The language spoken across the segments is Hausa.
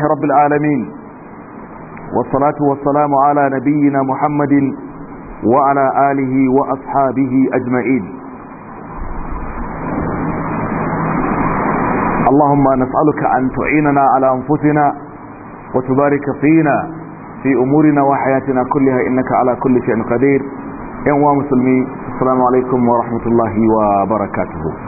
رب العالمين والصلاة والسلام على نبينا محمد وعلى آله وأصحابه أجمعين اللهم نسألك أن تعيننا على أنفسنا وتبارك فينا في أمورنا وحياتنا كلها إنك على كل شيء قدير يا مسلمين السلام عليكم ورحمة الله وبركاته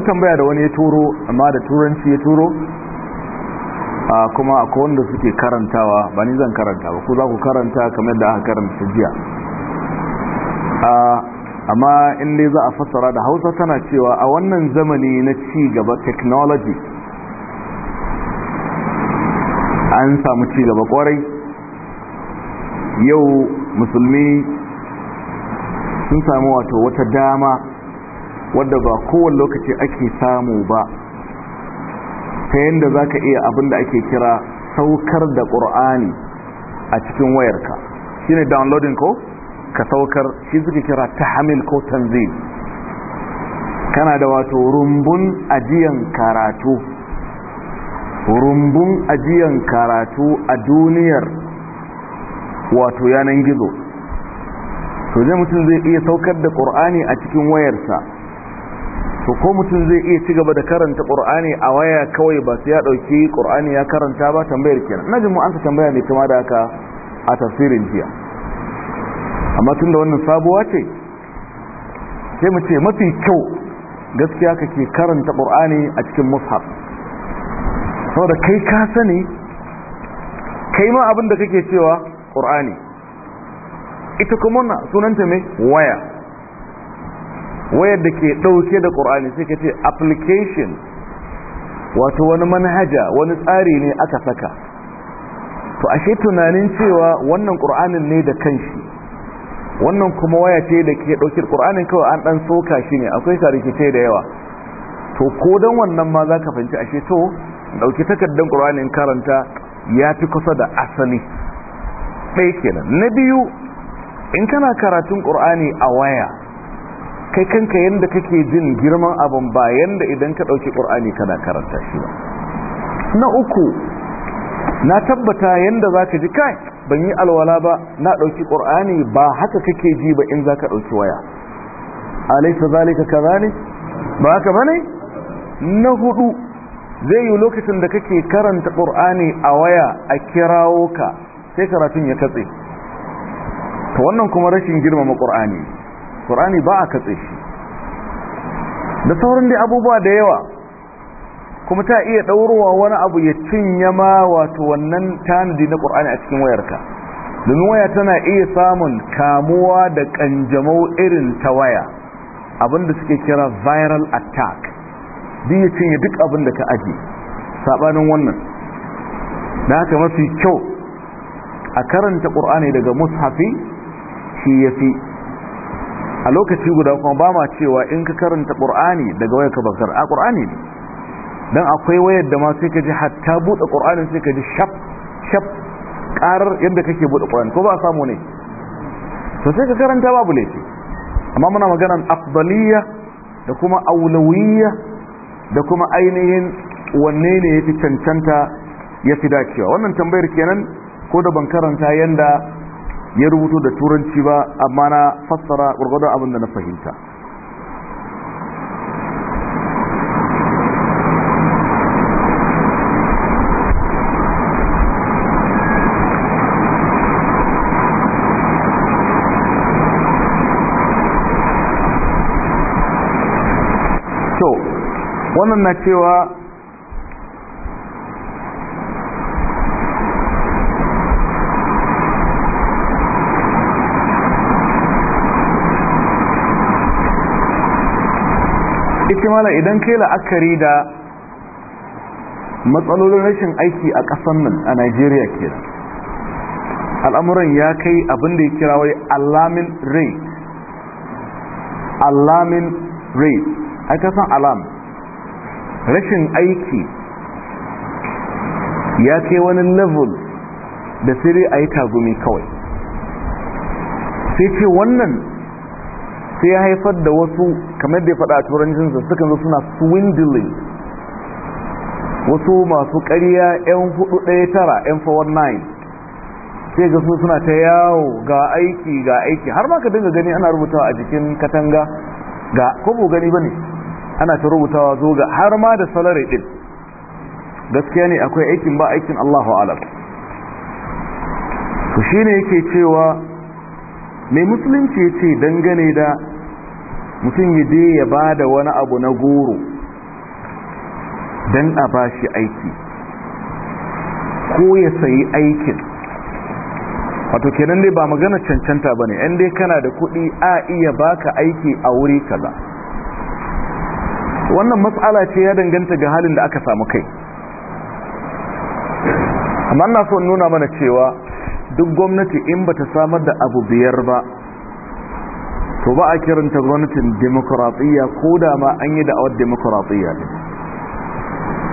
wasu tambaya da wani ya turo amma da turanci ya turo kuma akwai wanda suke karantawa ba ni zan karanta ba ku za ku karanta kamar da aka karanta jiya amma in dai za a fassara da hausa tana cewa a wannan zamani na ci gaba technology an samu ci gaba kwarai yau musulmi sun samu wato wata dama wadda ba kowane lokaci ake samu ba ta yadda za ka iya abin da ake kira saukar da ƙur'ani a cikin wayarka shi ne downloading ko ka saukar shi suke kira ta hamil ko tanzil kana da wato rumbun ajiyan karatu rumbun ajiyan karatu a duniyar wato yanan gizo to ne mutum zai iya saukar da ƙur'ani a cikin wayarsa to ko mutum zai iya ci gaba da karanta qur'ani a waya kawai ba sai ya dauki qur'ani ya karanta ba tambayar kenan na jin mu an ta tambaya ne kuma da haka a tafsirin jiya amma tunda wannan sabuwa ce sai mu ce mafi kyau gaskiya kake karanta qur'ani a cikin mushaf saboda kai ka sani kai ma abin da kake cewa qur'ani ita kuma sunanta mai waya wayar da ke ɗauke da ƙur'ani sai ka ce application wato wani manhaja wani tsari ne aka saka to ashe tunanin cewa wannan ƙur'anin ne da kanshi wannan kuma waya ce da ke da ƙur'anin kawai an ɗan soka shi ne akwai sa rikice da yawa to ko don wannan ma za ka fahimci ashe to ɗauki takardar ƙur'anin karanta ya fi kusa da asali ɗaya kenan na biyu in kana karatun ƙur'ani a waya kai kanka yadda kake jin girman abin ba idan ka ɗauki ƙur'ani kana karanta shi ba na uku na tabbata yadda za ka ji kai ban yi alwala ba na ɗauki ƙur'ani ba haka kake ji ba in za ka ɗauki waya alaisa zalika ka ne ba haka ba ne na hudu zai yi lokacin da kake karanta ƙur'ani a waya a kirawo ka sai karatun ya katse to wannan kuma rashin girmama ƙur'ani alkur'ani ba a katse shi da sauran dai abubuwa da yawa kuma ta iya ɗaurowa wani abu ya cinye ma wato wannan tanadi na ƙur'ani a cikin wayarka domin waya tana iya samun kamuwa da ƙanjamau irin ta waya abinda suke kira viral attack duk ya cinye duk abin da ka aji, saɓanin wannan da haka mafi kyau a karanta ƙur'ani daga mushafi shi ya fi a lokaci guda kuma ba ma cewa in ka karanta qur'ani daga wayar ka bakar a qur'ani ne dan akwai wayar da ma sai ka ji hatta buɗe qur'anin sai ka ji shaf shaf ƙarar yadda kake buɗe qur'ani ko ba samu ne to sai ka karanta babu laifi amma muna maganan afdaliyya da kuma aulawiyya da kuma ainihin wanne ne yafi cancanta ya fi dacewa wannan tambayar kenan ko da ban karanta yanda ya rubuto da turanci ba amma na fassara gurgurda abinda na fahimta wannan na cewa ita mana idan kai la'akari da matsalolin rashin aiki a ƙasan nan a Najeriya kenan al'amuran ya kai abin da ya kira wai alamin rate alamin rate a kasan alam rashin aiki ya kai wani level da sirri a yi tagumi kawai sai ce wannan sai ya haifar da wasu kamar da ya fada a turancinsa sukan zo suna swindling wasu masu ƙarya 'yan hudu ɗaya tara 'yan fawar 9 sai ga su suna ta yawo ga aiki ga aiki har ma ka dinga gani ana rubutawa a jikin katanga ga ko gani ba ne ana ta rubutawa zo ga har ma da salari ɗin gaskiya ne akwai aikin ba aikin allahu alam shi shine yake cewa mai musulunci ce dangane da mutum ya je ya ba da wani abu na goro don a ba shi aiki ko ya sayi aikin wato kenan dai ba magana cancanta ba ne yan dai kana da kuɗi a iya baka aiki a wuri kaza wannan matsala ce ya danganta ga halin da aka samu kai amma na so nuna mana cewa duk gwamnati in bata samar da abu biyar ba to ba a kiranta gwamnatin demokuraɗiyya ko da ma an yi da'awar demokuraɗiyya ne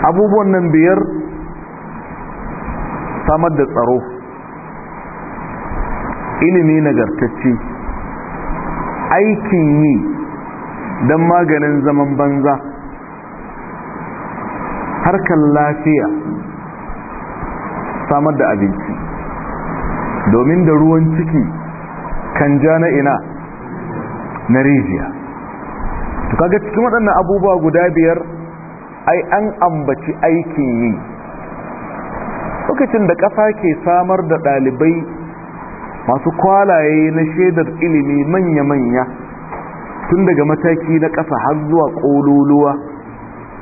abubuwan nan biyar samar da tsaro ilimi nagartacce aikin yi don maganin zaman banza harkar lafiya samar da abinci domin da ruwan ciki kan ja na ina na rijiya to kaga cikin waɗannan abubuwa guda biyar ai an ambaci aikin yi lokacin da ƙasa ke samar da ɗalibai masu kwalaye na shaidar ilimi manya-manya tun daga mataki na ƙasa har zuwa ƙololuwa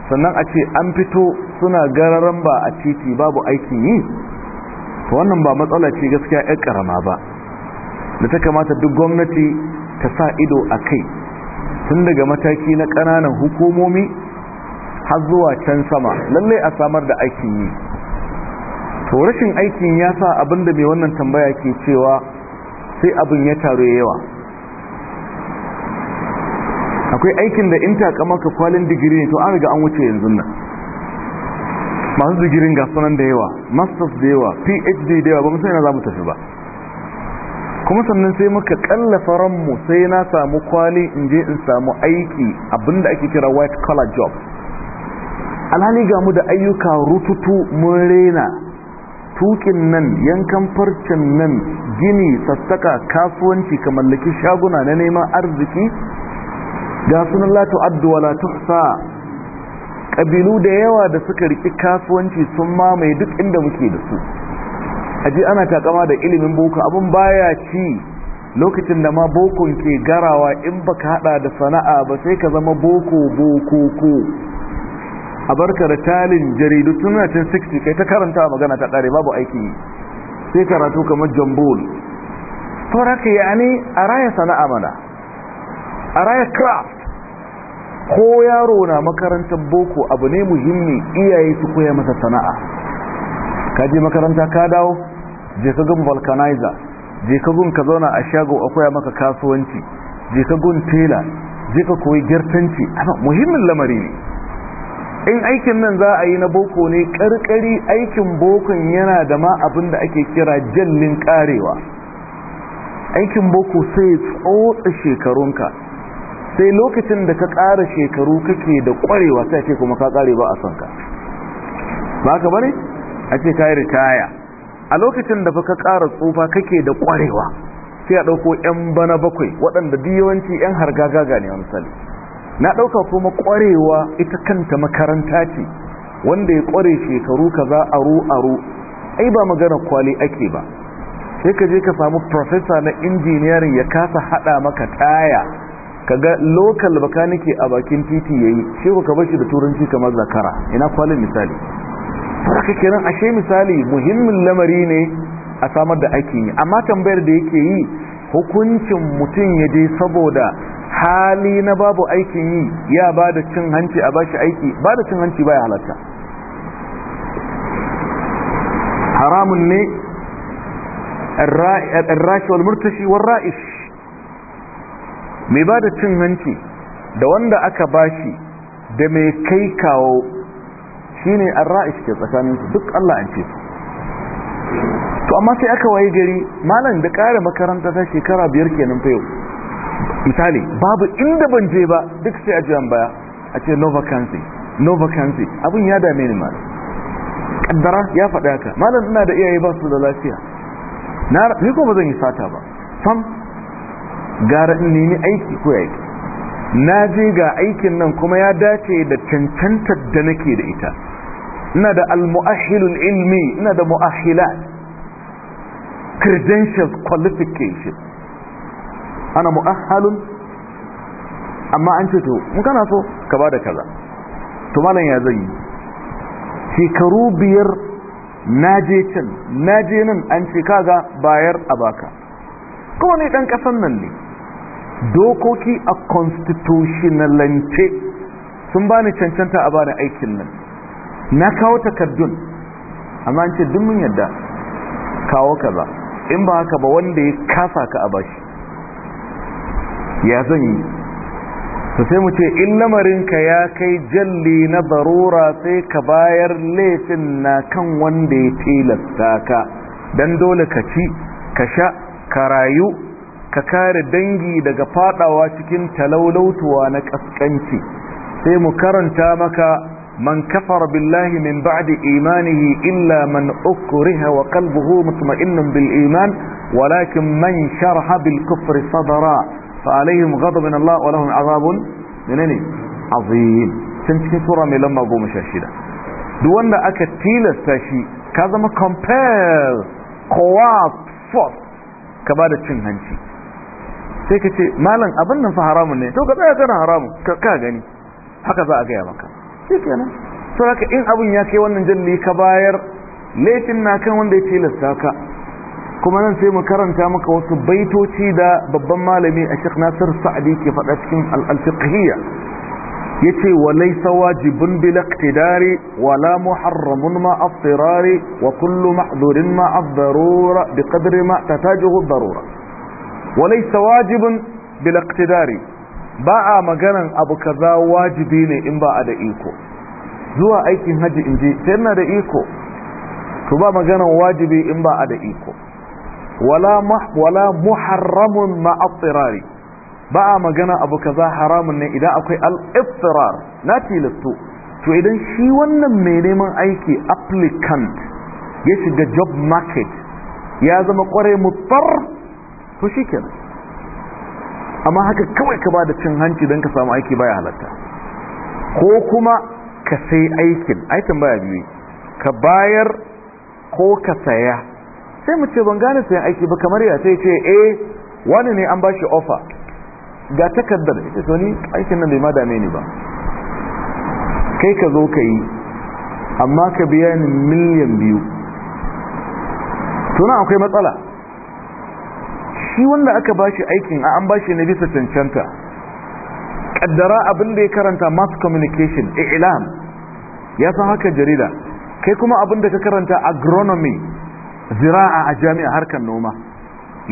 sannan a ce an fito suna gararan ba a titi babu aikin yi to wannan ba matsala ce gaskiya 'yan ƙarama ba da ta kamata duk gwamnati ka sa ido a kai tun daga mataki na ƙananan hukumomi har zuwa can sama lallai a samar da aikin yi to rashin aikin ya sa abin da mai wannan tambaya ke cewa sai abin ya taru yawa akwai aikin da in ka kwalin digiri ne to an riga an wuce yanzu nan masu digirin ga da yawa masters da yawa phd da yawa ba musamman za mu tafi ba kuma sannan sai muka kallafa ranmu sai na samu kwali in je in samu aiki abinda ake kira white collar job alhali ga mu da ayyuka rututu mun rena tukin nan yankan farcen nan gini sassaka kasuwanci ka mallaki shaguna na neman arziki ga sunan latu addu wala tuhsa da yawa da suka riki kasuwanci sun mamaye duk inda muke da su aji ana takama da ilimin boko abin baya ci lokacin da ma bokon ke garawa in baka hada da sana'a ba sai ka zama boko boko ko a barka da talin jaridu tun 60 kai ta karanta magana ta kare babu aiki sai karatu kamar jambol sauraka ya ne a raya sana'a mana a raya craft ko yaro na makarantar boko abu ne muhimmi iyaye su koya masa sana'a ka je makaranta ka dawo je ka gun vulcanizer je ka gun ka zauna a shago a maka kasuwanci je ka gun tela je ka koyi girtanci amma muhimmin lamari ne in aikin nan za a yi na boko ne karkari aikin bokon yana da ma abin da ake kira jallin karewa aikin boko sai tsotsa shekarunka sai lokacin da ka ƙara shekaru kake da ƙwarewa sai ce kuma ka ƙare ba a son ka ba ka bari? a ce ka yi ritaya a lokacin da baka ƙara tsufa kake da ƙwarewa sai a ɗauko 'yan bana bakwai waɗanda yawanci 'yan hargagaga ne misali na ɗauka kuma ƙwarewa ita kanta makaranta ce wanda ya ƙware shekaru ka kaza a aru ai ba magana kwali ake ba sai ka je ka samu profesa na injiniyarin ya kasa haɗa maka taya ga lokal bakanike a bakin titi yayi sai ka bashi da turanci kamar zakara ina kwalin misali haka kenan ashe misali muhimmin lamari ne a samar da aikin yi amma tambayar da yake yi hukuncin mutum ya je saboda hali na babu aikin yi ya ba da cin hanci a bashi aiki ba da cin hanci baya halatta haramun ne arrashi wal murtashi wal ra'ish mai ba da cin hanci da wanda aka bashi da mai kai kawo shine ar-ra'ish ke tsakanin su duk Allah an ce to amma sai aka waye gari malam da kare makaranta ta shekara biyar kenan fa yau misali babu inda ban je ba duk sai a an baya a ce no vacancy no vacancy abin ya dame ni ma kaddara ya faɗa haka malam ina da iyaye ba su da lafiya na ni ko ba zan yi sata ba sam gara in nemi aiki ko aiki na je ga aikin nan kuma ya dace da cancantar da nake da ita ina da al ilmi ina da mu'ahhilat credentials qualification ana mu'ahhalun amma an ce to in kana so ka da kaza to malam ya zai shekaru biyar naje can naje nan an ce kaga bayar a baka kuma ne dan kasan nan ne dokoki a constitutionalance sun bani cancanta a bani aikin nan na kawo takardun amma an ce duk mun yadda kawo kaza in ba haka ba wanda ya kafa ka a bashi ya zan yi to sai mu ce in lamarinka ya kai jalli na barura sai ka bayar laifin na kan wanda ya tilasta ka don dole ka ci ka sha ka rayu ka kare dangi daga fadawa cikin talaulautuwa na kaskanci sai mu karanta maka من كفر بالله من بعد إيمانه إلا من أكره وقلبه مطمئن بالإيمان ولكن من شرح بالكفر صدرا فعليهم غضب من الله ولهم عذاب منني عظيم سنتكي سورة من لما أبو مشاشدة دون أكا تيلستاشي كذا ما كمبيل قوات فوت كبادة شنهنشي sai ka ce malam abin nan fa haramun ne to ka tsaya kana haramun ka gani haka za a gaya maka shikenan to haka in abun ya kai wannan jalli ka bayar laifin na kan wanda ya tilasta ka kuma nan sai mu karanta maka wasu baitoci da babban malami a shek nasir sa'adi ke faɗa cikin al'alfiqhiyya ya ce wa laisa wajibin bil iqtidari wa la muharramun ma aftirari wa kullu mahdurin ma afdarura bi qadri ma tatajihu darura wa laisa wajibin bil iqtidari ba a maganan abu kaza wajibi ne in ba a da iko zuwa aikin haji in je sai da iko to ba maganan wajibi in ba a da iko wala wala muharramun ma ba a magana abu kaza haramun ne idan akwai al-iftirar na tilasto to idan shi wannan mai neman aiki applicant ya shiga job market ya zama kwarai mutar to shikenan amma haka kawai ka ba da cin hanci don ka samu aiki baya halatta ko kuma ka sai aikin aikin baya biyu ka bayar ko ka saya sai mu ce ban gane sayan aiki ba kamar ya sai ce eh wani ne an bashi offer ga takardar ita to ni aikin nan bai ma dame ni ba kai ka zo ka yi amma ka biya ni miliyan biyu tunan akwai matsala shi wanda aka bashi aikin a an bashi na bisa cancanta kaddara abin da ya karanta mass communication i'lam ya san haka jarida kai kuma abin da ka karanta agronomy zira'a a jami'a harkar noma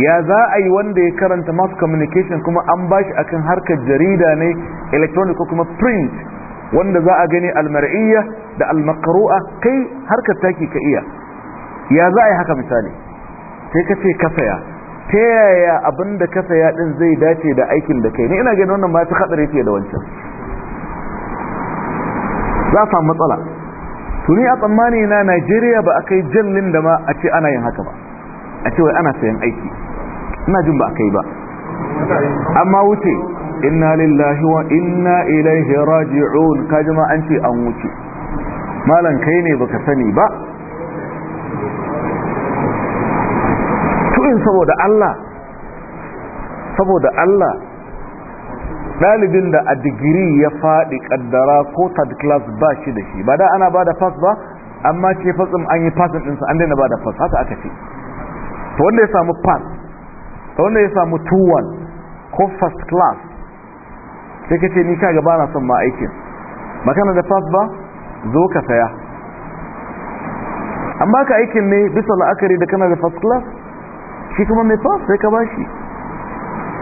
ya za a yi wanda ya karanta mass communication kuma an bashi akan harkar jarida ne electronic ko kuma print wanda za a gani almar'iyya da almakaru'a kai harkar taki ka iya ya za a yi haka misali sai ka ce ka saya ta yaya abin da ka saya din zai dace da aikin da kai ne ina gani wannan ma ta haɗari fiye da wancan za a samu matsala tuni a tsammani na najeriya ba a kai jallin da ma a ce ana yin haka ba a ce wai ana sayan aiki ina jin ba a kai ba amma wuce inna lillahi wa inna ilaihi raji'un ka jima an ce an wuce malan kai ne baka sani ba yin saboda Allah saboda Allah ɗalibin da a digiri ya faɗi ƙaddara ko third class ba shi da shi ba da ana ba da fas ba amma ce fasin an yi fasin ɗinsa an daina ba da fas haka aka ce to wanda ya samu pass to wanda ya samu 2 ko first class sai ka ce ni kaga gaba na son ma aikin makana da fas ba zo ka saya amma ka aikin ne bisa la'akari da kana da first class shi kuma mai son sai ka bashi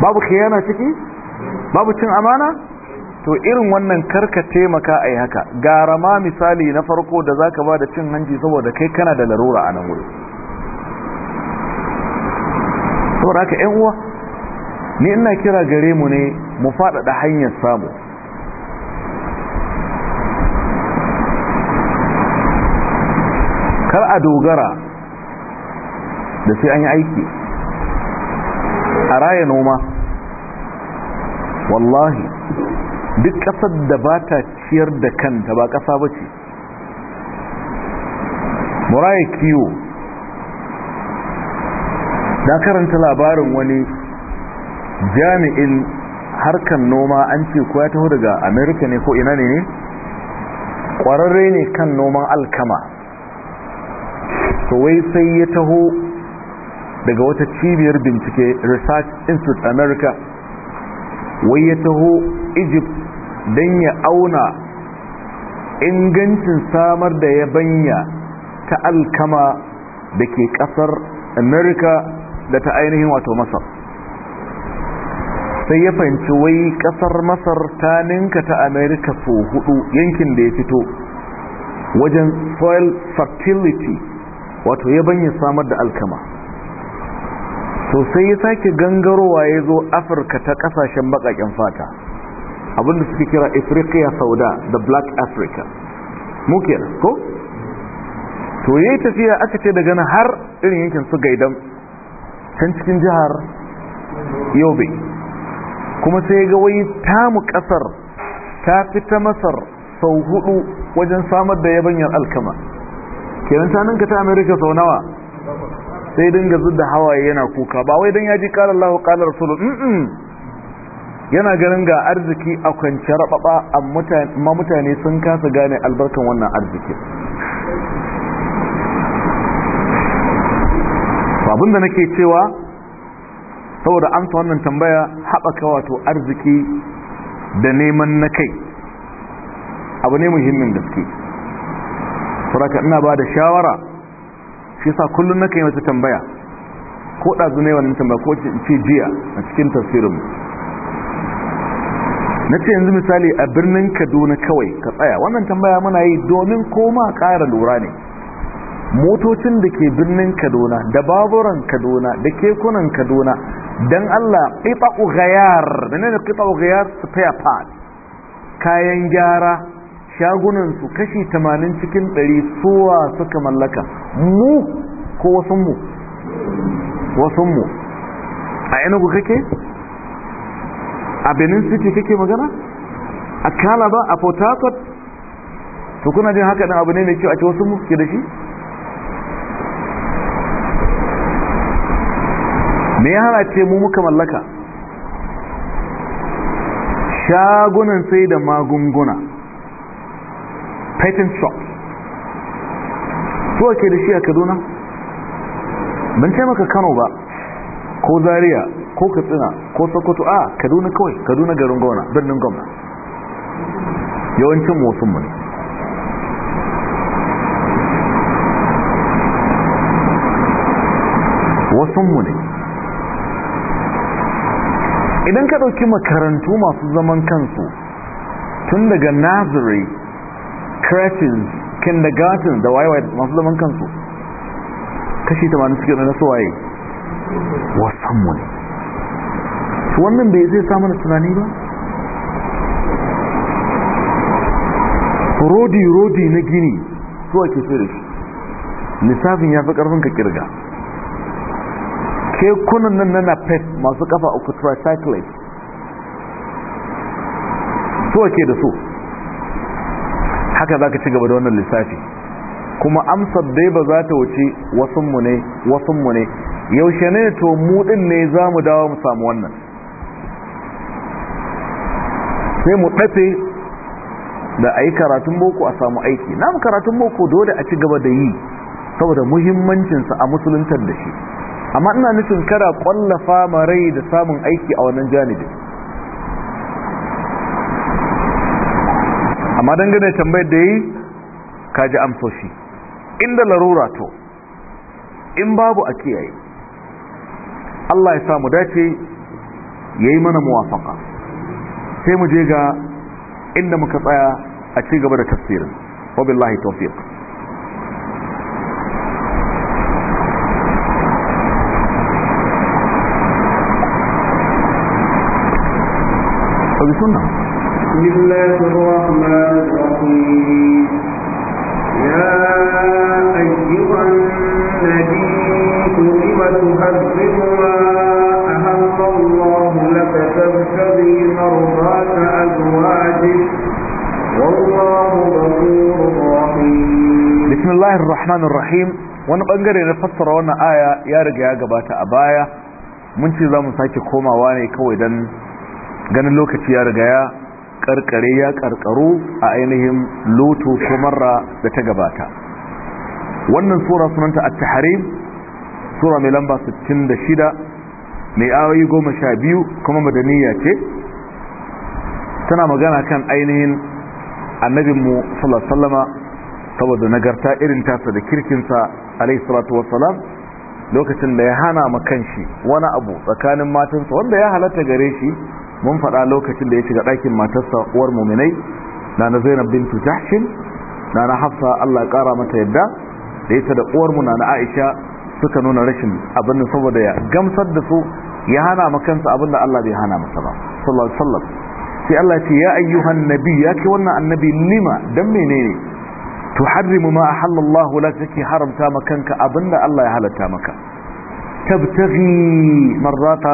babu khiyana ciki babu cin amana to irin wannan karka taimaka ai haka gara ma misali na farko da zaka ba da cin hanji saboda kai kana da larura a nan wuri saboda haka 'yan uwa ni ina kira gare mu ne mu faɗaɗa hanyar samu kar a dogara da sai an yi aiki a raya noma wallahi duk ƙasar da ba ta ciyar da kanta ba ƙasa ba ce muraya kiwo na karanta labarin wani jami'in harkar noma an ce kuwa taho daga amerika ne ko ina ne ne ƙwararre ne kan noman alkama to wai sai ya taho daga wata cibiyar bincike research institute america wai ya taho egypt don ya auna ingancin samar da ya yabanya ta alkama da ke kasar america da ta ainihin wato masar sai ya fahimci wai kasar masar ta ninka ta america so hudu yankin da ya fito wajen soil fertility wato ya yabanya samar da alkama to sai ya sake gangarowa ya zo afirka ta kasashen bakakin fata abinda suke kira afirka sauda the black africa muke ko to yi tafiya aka ce daga nan har irin yankin su gaidan can cikin jihar yobe kuma sai ga ta tamu kasar ta fi ta masar sau hudu wajen samar da yabanyar alkama kenan sanin ka ta amerika sau nawa sai dinga zudda hawaye yana kuka ba wai dan yaji qala Allahu qala rasulu mm yana ganin ga arziki a kwance rababa amma mutane sun kasa gane albarkan wannan arziki abinda nake cewa saboda amsa wannan tambaya haɓaka wato arziki da neman na kai abu ne muhimmin gaske saboda ina ba da shawara shi yasa kullum na kai mata tambaya ko ɗazu ne wannan tambaya ko ce jiya a cikin tafsirin na ce yanzu misali a birnin kaduna kawai ka tsaya wannan tambaya muna yi domin koma ƙara lura ne motocin da ke birnin kaduna da baburan kaduna da kekunan kaduna don allah da gayar menene ƙiɓa'u gayar faya part kayan gyara shagunansu kashi 80 cikin 100 suwa suka mallaka mu ko wasunmu wasunmu a enugu kake a benin city kake magana a ba a port harcourt to kuna jin haka nan abu ne mai kyau a ce wasunmu ke da shi me ya hana ce mu muka mallaka shagunan sai da magunguna patent shops kowa ke da shi a kaduna ban ce maka kano ba ko zaria ko katsina ko sokoto a kaduna kawai kaduna garin gona birnin gwamna yawancin wasunmu ne wasunmu ne idan ka ɗauki makarantu masu zaman kansu tun daga nazari curtains kindergarten da wayewaye masu zaman kansu kashi 80 suke na nasu waye wasanmu ne wannan bai zai samu na tunani ba rodi-rodi na gini zuwa ke so da shi lissafin ya fi ƙarfin ka kirga kekunan nan na pet masu kafa uku tricyclists zuwa ke da so haka za ka ci gaba da wannan lissafi kuma amsar dai ba za ta wuce wasunmu ne wasunmu ne yaushe ne to mu din ne za mu dawo mu samu wannan sai mu ɗafe da a yi karatun boko a samu aiki na karatun boko dole a ci gaba da yi saboda muhimmancinsa a musuluntar da shi amma ina nufin kada ƙwallafa marai da samun aiki a wannan janibin amma dangane tambayar da yi kaji amsoshi inda larura to in babu a kiyaye Allah ya samu dace ya yi mana muwafaka sai mu je ga inda muka tsaya a ci gaba da tafsirin wabillahi tawfiq Sunna. بسم الله wani bangare na fassara wannan aya ya riga ya gabata a baya mun ce za mu sake komawa ne kawai don ganin lokaci ya riga ya karkare ya karkaru a ainihin loto ko da ta gabata wannan sura sunanta at-tahrim sura mai lamba 66 mai ayoyi 12 kuma madaniya ce tana magana kan ainihin annabinmu sallallahu saboda nagarta irin tasa da kirkinsa alaihi salatu wassalam lokacin da ya hana ma kanshi wani abu tsakanin matansa wanda ya halatta gare shi mun faɗa lokacin da ya shiga ɗakin matarsa uwar muminai na na zainab bintu jahshin na na hafsa allah ƙara mata yadda da ita da uwar mu na na aisha suka nuna rashin abin da saboda ya gamsar da su ya hana makansa abin da allah bai hana masa ba sallallahu alaihi wasallam sai allah ce ya ayyuhan nabi ya ke wannan annabi lima dan menene tuharrimu ma ahallallahu lak kake haramta kanka abin da allah ya halatta maka tabtaghi marrata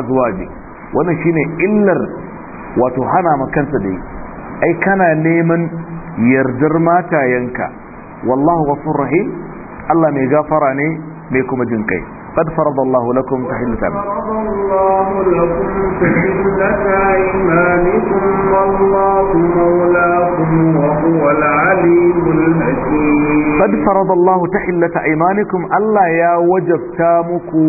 azwajik wannan shine illar wato hana makansa dai ai kana neman yardar matayenka wallahu ghafurur rahim Allah mai gafara ne mai kuma jin kai قد فرض الله لكم تحلة فرض الله لكم تحلة أيمانكم والله مولاكم وهو العليم الحكيم قد فرض الله تحلة أيمانكم allah ya wajabta muku.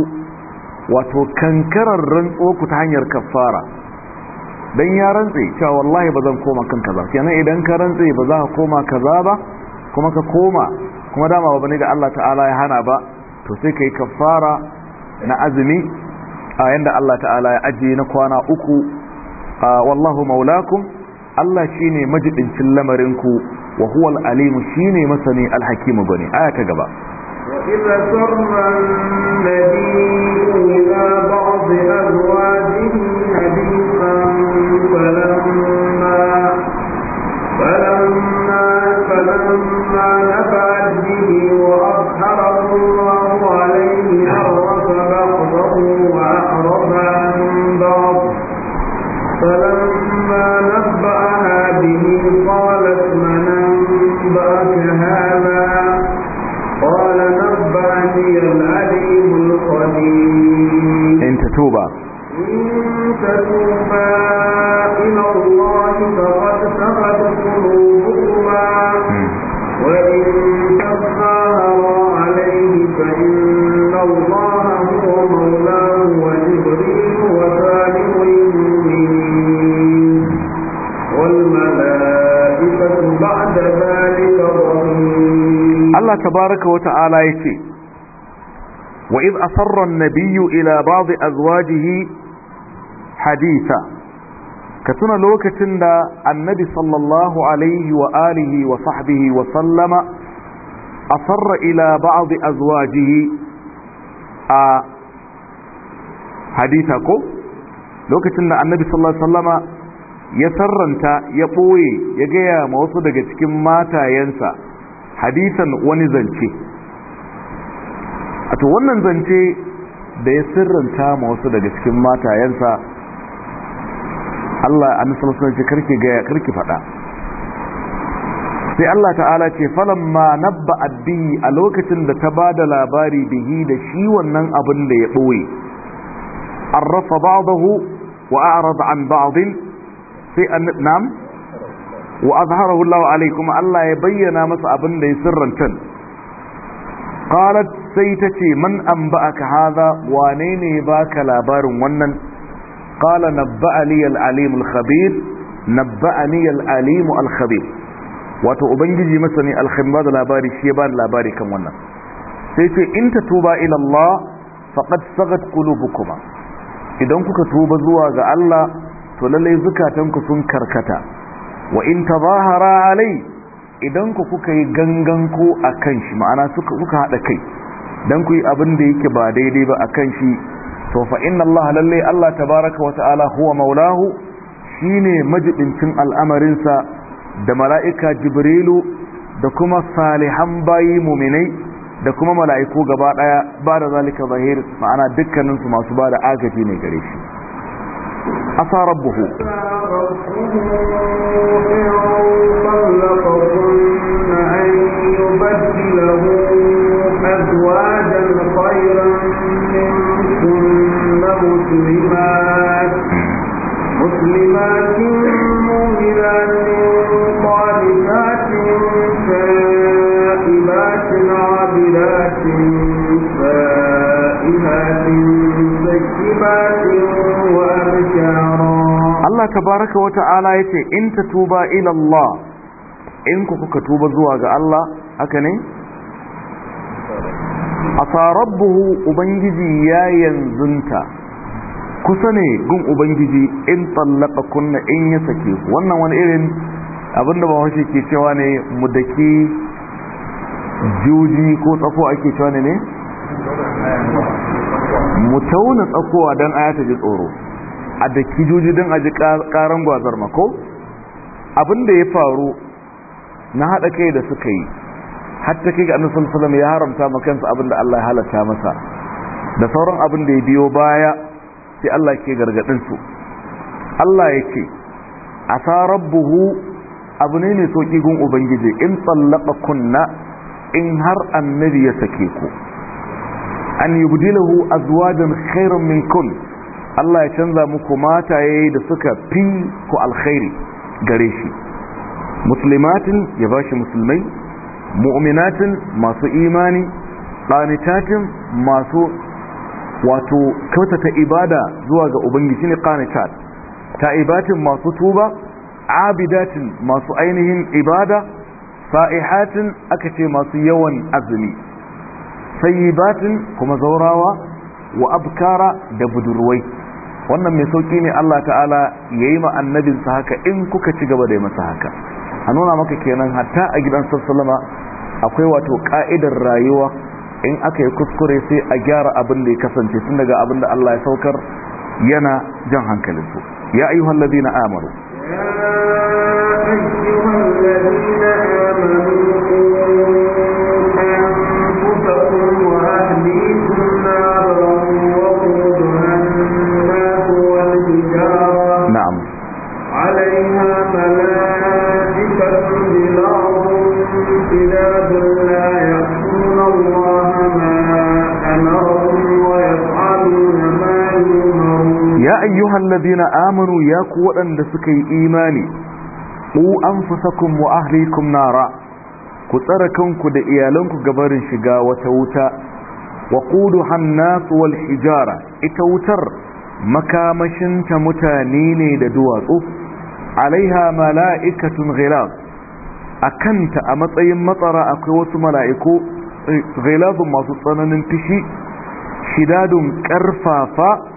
wato kankarar rantsuwarku ta hanyar kafara dan ya rantse cewa wallahi ba zan koma kan kaza kenan idan ka rantse ba za ka koma kaza ba kuma ka koma kuma dama ba ne da Allah ta'ala ya hana ba to sai kai kafara na azumi a yanda Allah ta'ala ya ajiye na kwana uku wallahu maulakum Allah shine majidincin lamarinku wa huwal alimu shine masani alhakimu gani aya ta gaba إذا سر النبي إلى بعض أزواجه حديثا فلما فلما نفعت به وأظهره الله عليه عرف بعضه وأعرف بعض فلما نبأها به إلى الله فقد قلوبكما وإن عليه فإن الله وجبريل المؤمنين والملائكة بعد ذلك الله تبارك وتعالى يتي وإذ أصر النبي إلى بعض أزواجه haditha ka tuna lokacin da annabi sallallahu alaihi wa alihi wa sahbihi wa sallama asarra ila ba'd azwajihi a haditha ko lokacin da annabi sallallahu alaihi wa sallama ya sarranta ya boye ya gaya ma wasu daga cikin matayensa hadisan wani zance a to wannan zance da ya sirranta ma wasu daga cikin matayensa Allah a nasa masu ce karki gaya karki faɗa sai Allah ta'ala ce falamma nabba abbi a lokacin da ta ba da labari bihi da shi wannan abin da ya ɓoye arrafa ba'dahu wa a'rada an ba'din sai nam wa azharahu Allah alai kuma Allah ya bayyana masa abin da ya sirranta. qalat sai ta ce man anba'aka haza, wane ne baka labarin wannan qala nabba'ani al-alim al-khabir nabba'ani wato ubangiji masani al-khabir da labari shi ba labari kan wannan sai ce in tuba ila Allah faqad sagat qulubukuma idan kuka tuba zuwa ga Allah to lalle zukatanku sun karkata wa in tazahara alai idan ku kuka yi gangan ku akan shi ma'ana suka kuka hada kai dan ku yi abin da yake ba daidai ba akan shi to fa inna Allah lalle Allah tabaraka wa ta'ala huwa maulahu shine majidincin al'amarinsa da mala'ika jibrilu da kuma salihan bayi muminai da kuma mala'iku gaba daya ba da zalika zahir ma'ana dukkanin su masu ba da agaji ne gare shi asa rabbuhu أزواجا خيرا من كن مسلمات مسلمات مؤمنات قانتات سائبات عابدات سائحات سكبات وأبكارا wa ta'ala yace in tatuba ila Allah in ku kuka tuba zuwa ga Allah haka ne asa rabbuhu ubangiji ya yanzunta kusa ne gun ubangiji in tallaka kunna in ya sake wannan wani irin abinda ba ke cewa ne mu daki juji ko tsako ake cewa ne ne mu tauna tsakowa don aya ta ji tsoro a daki juji don a ji karan gwazar mako abinda ya faru na haɗa kai da suka yi hatta kai ga annabi sallallahu alaihi ya haramta ma kansa abinda Allah ya halatta masa da sauran abin da ya biyo baya sai Allah ke gargadin su Allah yake asa rabbuhu abu ne ne soki gun ubangiji in tsallaka kunna in har annabi ya sake ku an yubdilahu azwajan khairan kun, Allah ya canza muku mataye da suka fi ku alkhairi gare shi muslimatin ya bashi musulmai mu'minatin masu imani qanitatin masu wato kyautata ibada zuwa ga ubangiji ne qanitat ta'ibatin masu tuba abidatin masu ainihin ibada sa'ihatin aka ce masu yawan azumi batin kuma zaurawa wa abkara da budurwai wannan mai sauki ne Allah ta'ala ya yi annabinsa haka in kuka ci gaba da yi masa haka a nuna maka kenan hatta a gidan sassalama akwai wato ka'idar rayuwa in aka yi kuskure sai a gyara abin da ya kasance tun daga abin da Allah ya saukar yana jan hankalinsu ya ayyuhal ladina amanu نعم عليها ayyuhan ladina amanu ya ku waɗanda suka yi imani ku anfusakum wa ahlikum nara ku tsara kanku da iyalanku gabarin shiga wata wuta wa quduhan nas wal hijara ita wutar makamashinta mutane ne da duwatsu alaiha mala'ikatun A akanta a matsayin matsara akwai wasu mala'iku ghilabun masu tsananin fishi shidadun karfafa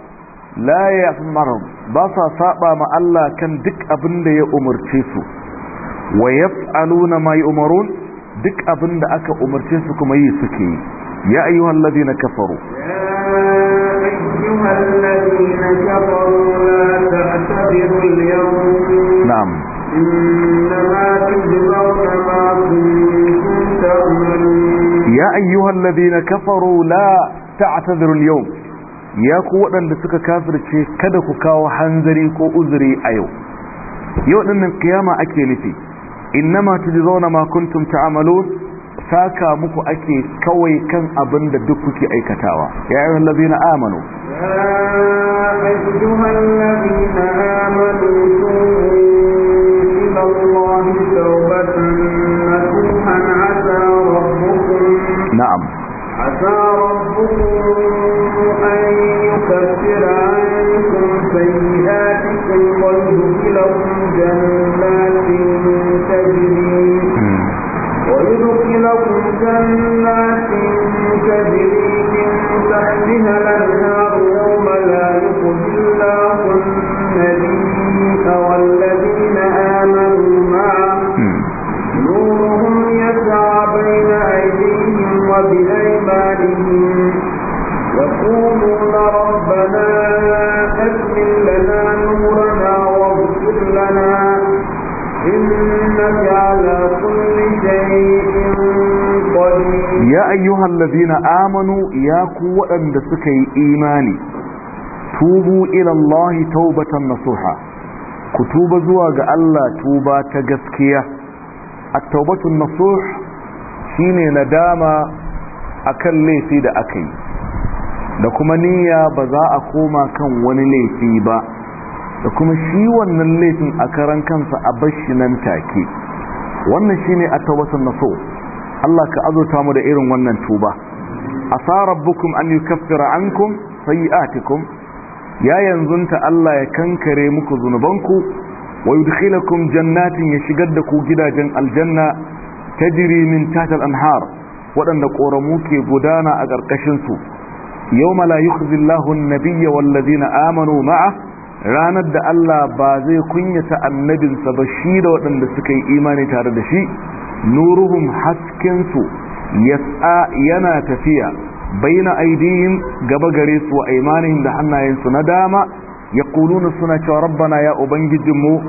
لا يأمر بس صعب ما الله كان دك أبن دي أمر تيسو ويفعلون ما يأمرون دك أبن دي أمر تيسو كما يسكي يا أيها الذين كفروا يا أيها الذين كفروا لا تعتبروا اليوم نعم إنما تجبرك ما كنتم تأمرون يا أيها الذين كفروا لا تعتذروا اليوم ya ku waɗanda suka kafirce kada ku kawo hanzari ko uzuri a yau yau ɗinnan kiyama ake nufi tuji zauna ma kuntum ta'malun saka muku ake kawai kan abin da duk kuke aikatawa ya yi wallazi na amanu na'am جنات تجري ويدخلكم جنات تجري من تحتها الأنهار يوم لا يخزي الله النبي والذين آمنوا معه نورهم يسعى بين أيديهم وبأيمانهم يقولون ربنا ya ayyuhal ladina amanu ya ku waɗanda suka yi imani tubu ilallahi Allah taubatan nasuha ku tuba zuwa ga Allah tuba ta gaskiya at-taubatu nasuh shine nadama akan laifi da akai, yi da kuma niyya ba za a koma kan wani laifi ba da kuma shi wannan laifin a karan kansa a bashi nan take wannan shine at-taubatu nasuh Allah ka azurta mu da irin wannan tuba asa rabbukum an yukaffira ankum sayi'atikum ya yanzunta Allah ya kankare muku zunubanku wa yudkhilakum jannatin ya shigar da ku gidajen aljanna tajri min tahtal anhar waɗanda ƙoramu ke gudana a ƙarƙashin su yawma la yukhzi Allahu an-nabiyya amanu ma'a. ranar da Allah ba zai kunyata annabinsa ba shi da waɗanda suka yi imani tare da shi nuruhum haskensu yas'a yana tafiya baina aidihim gaba gare su wa aimanihim da hannayensu na dama ya kuluna suna cewa rabbana ya ubangijinmu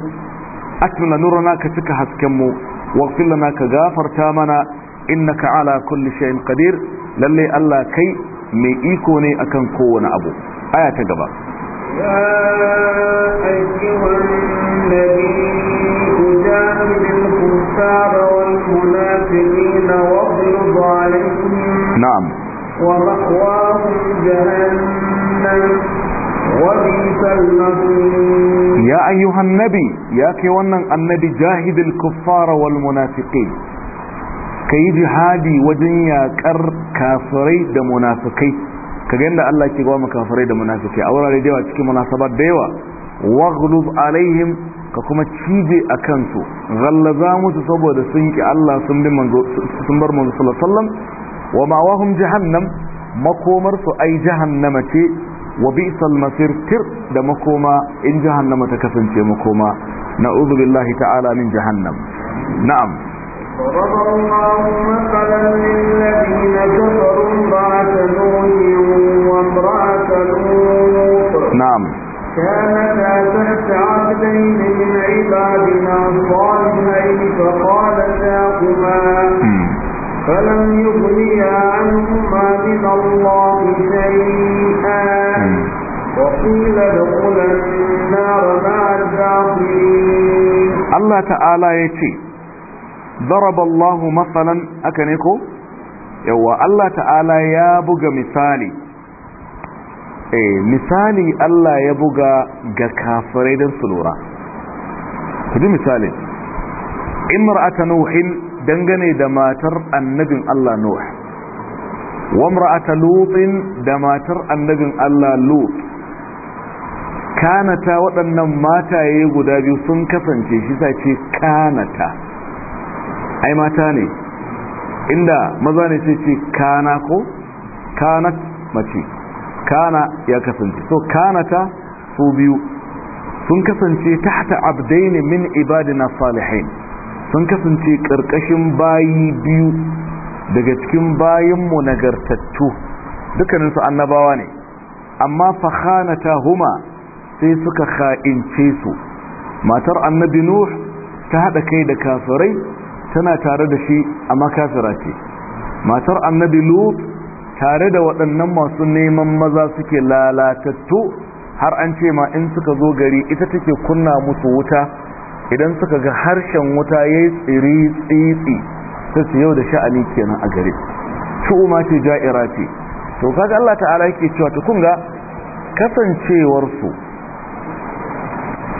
atmina nurana ka cika haskenmu waghfir lana ka gafarta mana ka ala kulli shay'in qadir lallai Allah kai mai iko ne akan kowane abu aya ta gaba يا أيها النبي جاهد الكفار والمنافقين واغلظ عليهم نعم ومأواهم جهنم يا أيها النبي يا كيوانا النبي جاهد الكفار والمنافقين كي جهادي ودنيا كر كافري دا منافقين كجند الله كي قوام كافري دا منافقين أولا لديوا تكي مناسبات ديوا واغلظ عليهم ka kuma cije a kansu za musu saboda sun ki Allah sun bar manzo sallallahu wa ma ma'awahum jahannam makomar su ai jahannama ce wa bi'sal masir tir da makoma in jahannama ta kasance makoma na'udhu billahi ta'ala min jahannam na'am ضرب الله مثلا للذين كفروا امرأة نوح وامرأة لوط نعم كانتا تحت عبدين من عبادنا صالحين فقالتاهما فلم يغنيا عنهما من الله شيئا وقيل ادخلا النار مع الداخلين الله تعالى يتي ضرب الله مثلا أكنكو يوا الله تعالى يا بغى مثالي Eh, misali Allah ya buga ga kafirai don su lura ku ji misali imra'ata nuhin dangane da matar annabin Allah nuh wa imra'ata lutin da matar annabin Allah lut kanata waɗannan mataye guda biyu sun kasance shi sa ce kanata ai mata ne inda maza ne sai ce kana ko kanat mace kana ya kasance so kanata su biyu sun kasance tahta abdaini min ibadina salihin sun kasance karkashin bayi biyu daga cikin bayinmu nagartattu dukkaninsu annabawa ne amma fakhanata huma sai suka kha'ince su matar annabi nuh ta hada kai da kafirai tana tare da shi a kafira ce matar annabi lut tare da waɗannan masu neman maza suke lalatattu har an ce ma in suka zo gari ita take kunna musu wuta idan suka ga harshen wuta ya yi tsiri tsitsi ta su yau da sha'ani kenan a gari umar ce ja'ira ce to kaga Allah ta'ala yake cewa ta kunga kasancewarsu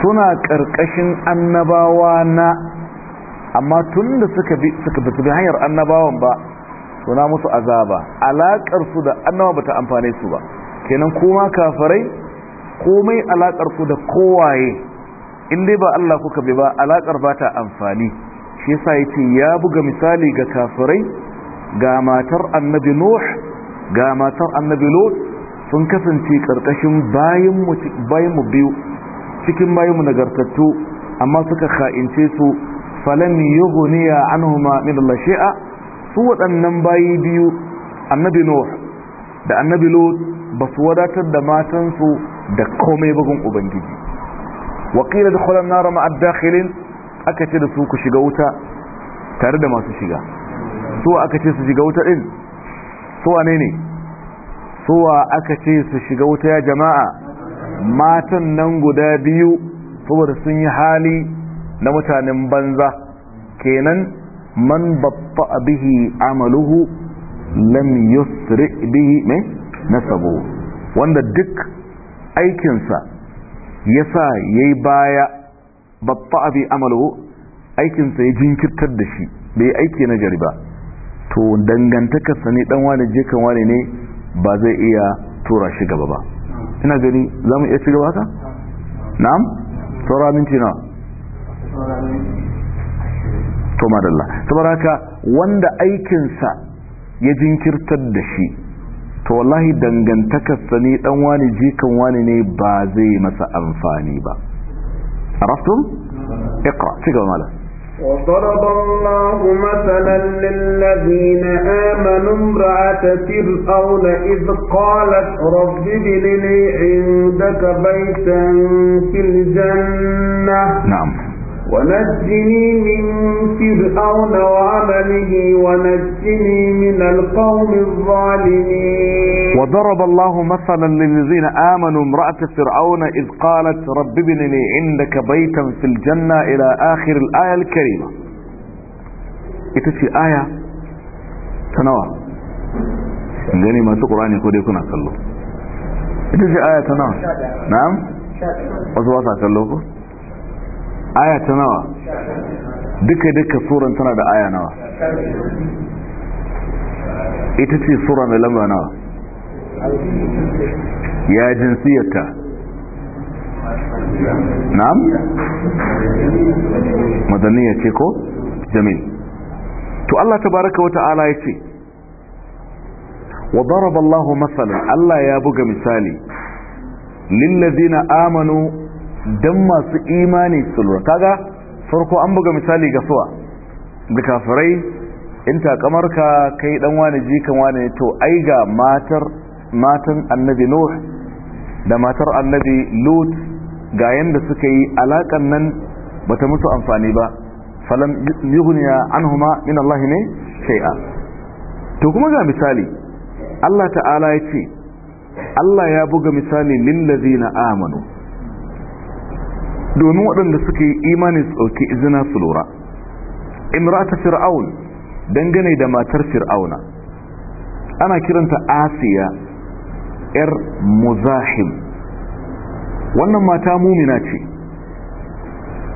suna ƙarƙashin annabawa na amma tun da suka bi hanyar annabawan ba to musu azaba alakar su da annaba bata amfane su ba kenan kuma kafirai komai alakar ku da kowaye in ba Allah kuka bi ba alakar ba ta amfani shi yasa yace ya buga misali ga kafirai ga matar annabi nuh ga matar annabi lut sun kasance karkashin bayin mu bayin mu biyu cikin bayin mu nagartattu amma suka kha'ince su falam yughniya anhuma min Allah shay'a su waɗannan bayi biyu annabi nuwa da annabi lot ba su wadatar da matansu da komai bugun ubangiji wakila da na rama ma'adakhilin aka ce da su ku shiga wuta tare da masu shiga suwa aka ce su shiga wuta ɗin suwa ne ne suwa aka ce su shiga wuta ya jama'a matan nan guda biyu saboda sun yi hali na mutanen banza kenan man batta bihi amaluhu لم yusri bihi نسبه nasabu wanda duk aikinsa ya sa ya yi baya batta bi amaluhu aikinsa ya jinkirtar da shi bai yi aiki na jariba. to dangantaka sani dan wani kan wani ne ba zai iya tura shi gaba ba ina gani za iya ci gaba na'am to madalla saboda haka wanda aikinsa ya jinkirtar da shi to wallahi dangantakarsa ne dan wani jikan wani ne ba zai masa amfani ba arastum iqra ci gaba وضرب الله مثلا للذين آمنوا امرأة فرعون إذ قالت رب ابن لي عندك بيتا في الجنة نعم ونجني من فرعون وعمله ونجني من القوم الظالمين وضرب الله مثلا للذين آمنوا امرأة فرعون إذ قالت رب ابن لي عندك بيتا في الجنة إلى آخر الآية الكريمة في آية تنوى gani ما ƙurani يقول يكون kuna kallo في ايه aya نعم nawa aya ta nawa duka duka suran tana da aya nawa ita ce sura mai lamba nawa ya jinsiyarta na'am madaniya ce ko jami'in? to Allah Ta baraka wata ala ya ce wa baraballahu matsalin Allah ya buga misali lillazina amanu Dan masu imani su lura kaga farko an buga misali ga suwa da kafirai in takamar ka kai dan wani jikan wani to ai ga matar matan annabi nuh da matar annabi lut ga yanda suka yi alakan nan bata musu amfani ba falam yughniya anhuma min allahi ne shay'a to kuma ga misali Allah ta'ala ya ce Allah ya buga misali lillazina amanu domin waɗanda suka yi imani su izina su lura imrata fir'aun dangane da matar fir'auna ana kiranta asiya yar muzahim wannan mata mumina ce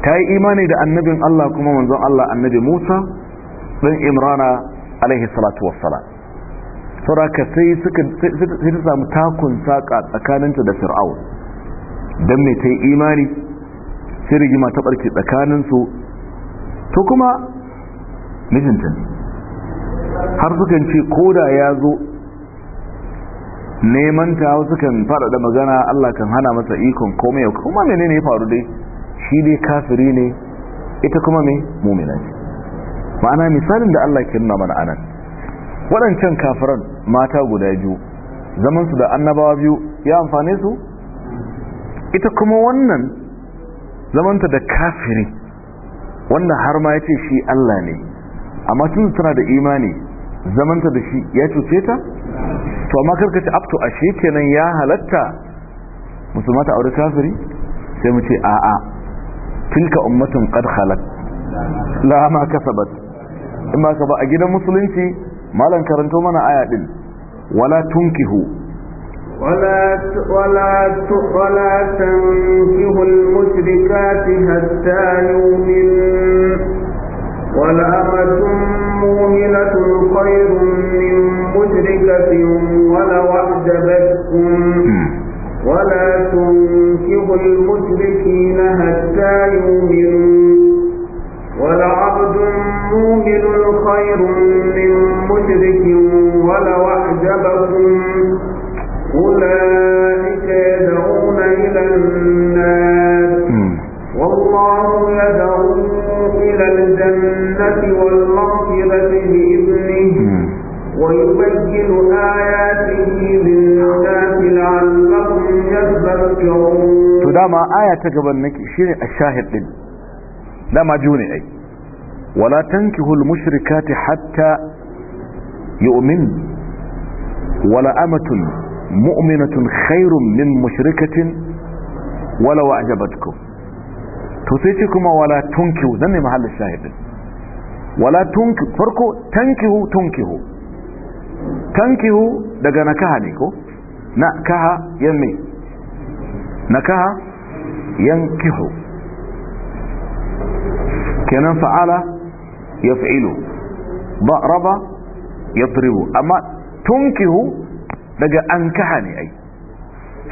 ta yi imani da annabin Allah kuma manzon Allah annabi Musa ɗin imrana alaihi salatu wassalam sauraka sai ta samu takun saƙa tsakaninta da fir'aun don mai ta yi imani sai rigima ta barke tsakaninsu to kuma mijinta har sukan ce koda ya zo Nemanta ta wasu kan faɗaɗa magana Allah kan hana masa ikon komai yau kuma ne ya faru dai shi dai kafiri ne ita kuma mai mumina ce ma'ana misalin da Allah ke nuna mana anan waɗancan kafiran mata guda biyu zamansu da annabawa biyu ya amfane su ita kuma wannan zamanta da kafiri wannan har ma ya ce shi Allah ne amma tun tana da imani zamanta da shi ya cuce ta? to amma karkace abto a shi kenan ya halatta ta aure kafiri sai mu ce a'a tilka ummatun qad khalat la ma kasabat in ba ka ba a gidan musulunci malan karanto mana aya din wala tunkihu ولا ولا ولا تنكه المشركات حتى يؤمن ولأمة مؤمنة خير من مشركة ولو أعجبتكم ولا تنكه المشركين حتى يؤمنوا ولعبد مؤمن خير من مشرك ولو أعجبكم إلى الجنة والمغفرة بإذنه ويبين آياته للناس لعلهم يذكرون to dama aya ta gaban nake shine ashahid din dama june ai wala tankihul mushrikati hatta yu'min wala amatun mu'minatun khairun min mushrikatin wala wa'jabatkum to sai ce kuma wala tunkihu zan ne mahallin shahidin wala tunkihu farko tankihu tunkihu tankihu daga nakaha ne ko na kaha yan me nakaha yankihu kenan fa'ala raba ya yadribu amma tunkihu daga ankaha ne ai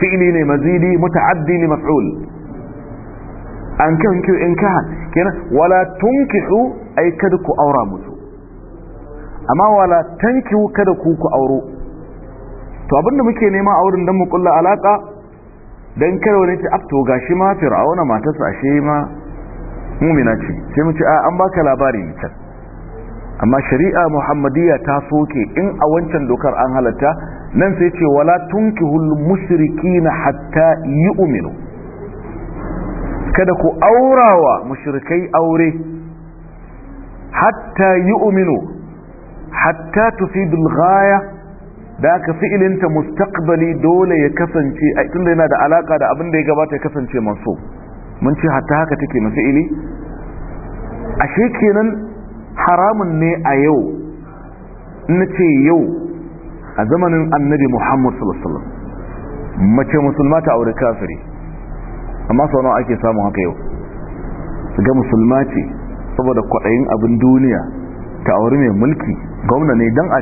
fi'li ne mazidi muta'addi li maf'ul an kan kiyo in ka kenan wala tunkihu ay kada ku aura musu amma wala tankihu kada ku ku auro to abinda muke nema auren dan mu kulla alaka dan kai wani ta afto gashi ma fir'auna matarsa ashe ma mumina ce sai mu ce an baka labari ne can amma shari'a muhammadiyya ta soke in a wancan dokar an halatta nan sai ce wala tunkihul mushrikina hatta yu'minu kada ku aurawa mushrikai aure hatta yi umino, hatta tufi ghaya da aka fi'ilinta mustaqbali dole ya kasance a tunda yana da alaka da abin da ya gabata ya kasance so. mun ce hatta haka take na ili ashe kenan haramun ne a yau na ce yau a zamanin annabi muhammad sallallahu alaihi wasallam mace musulma ta aure kafiri amma sau nawa ake samun haka yau ga musulma ce saboda kwaɗayin abin duniya ta auri mai mulki gwamna ne don a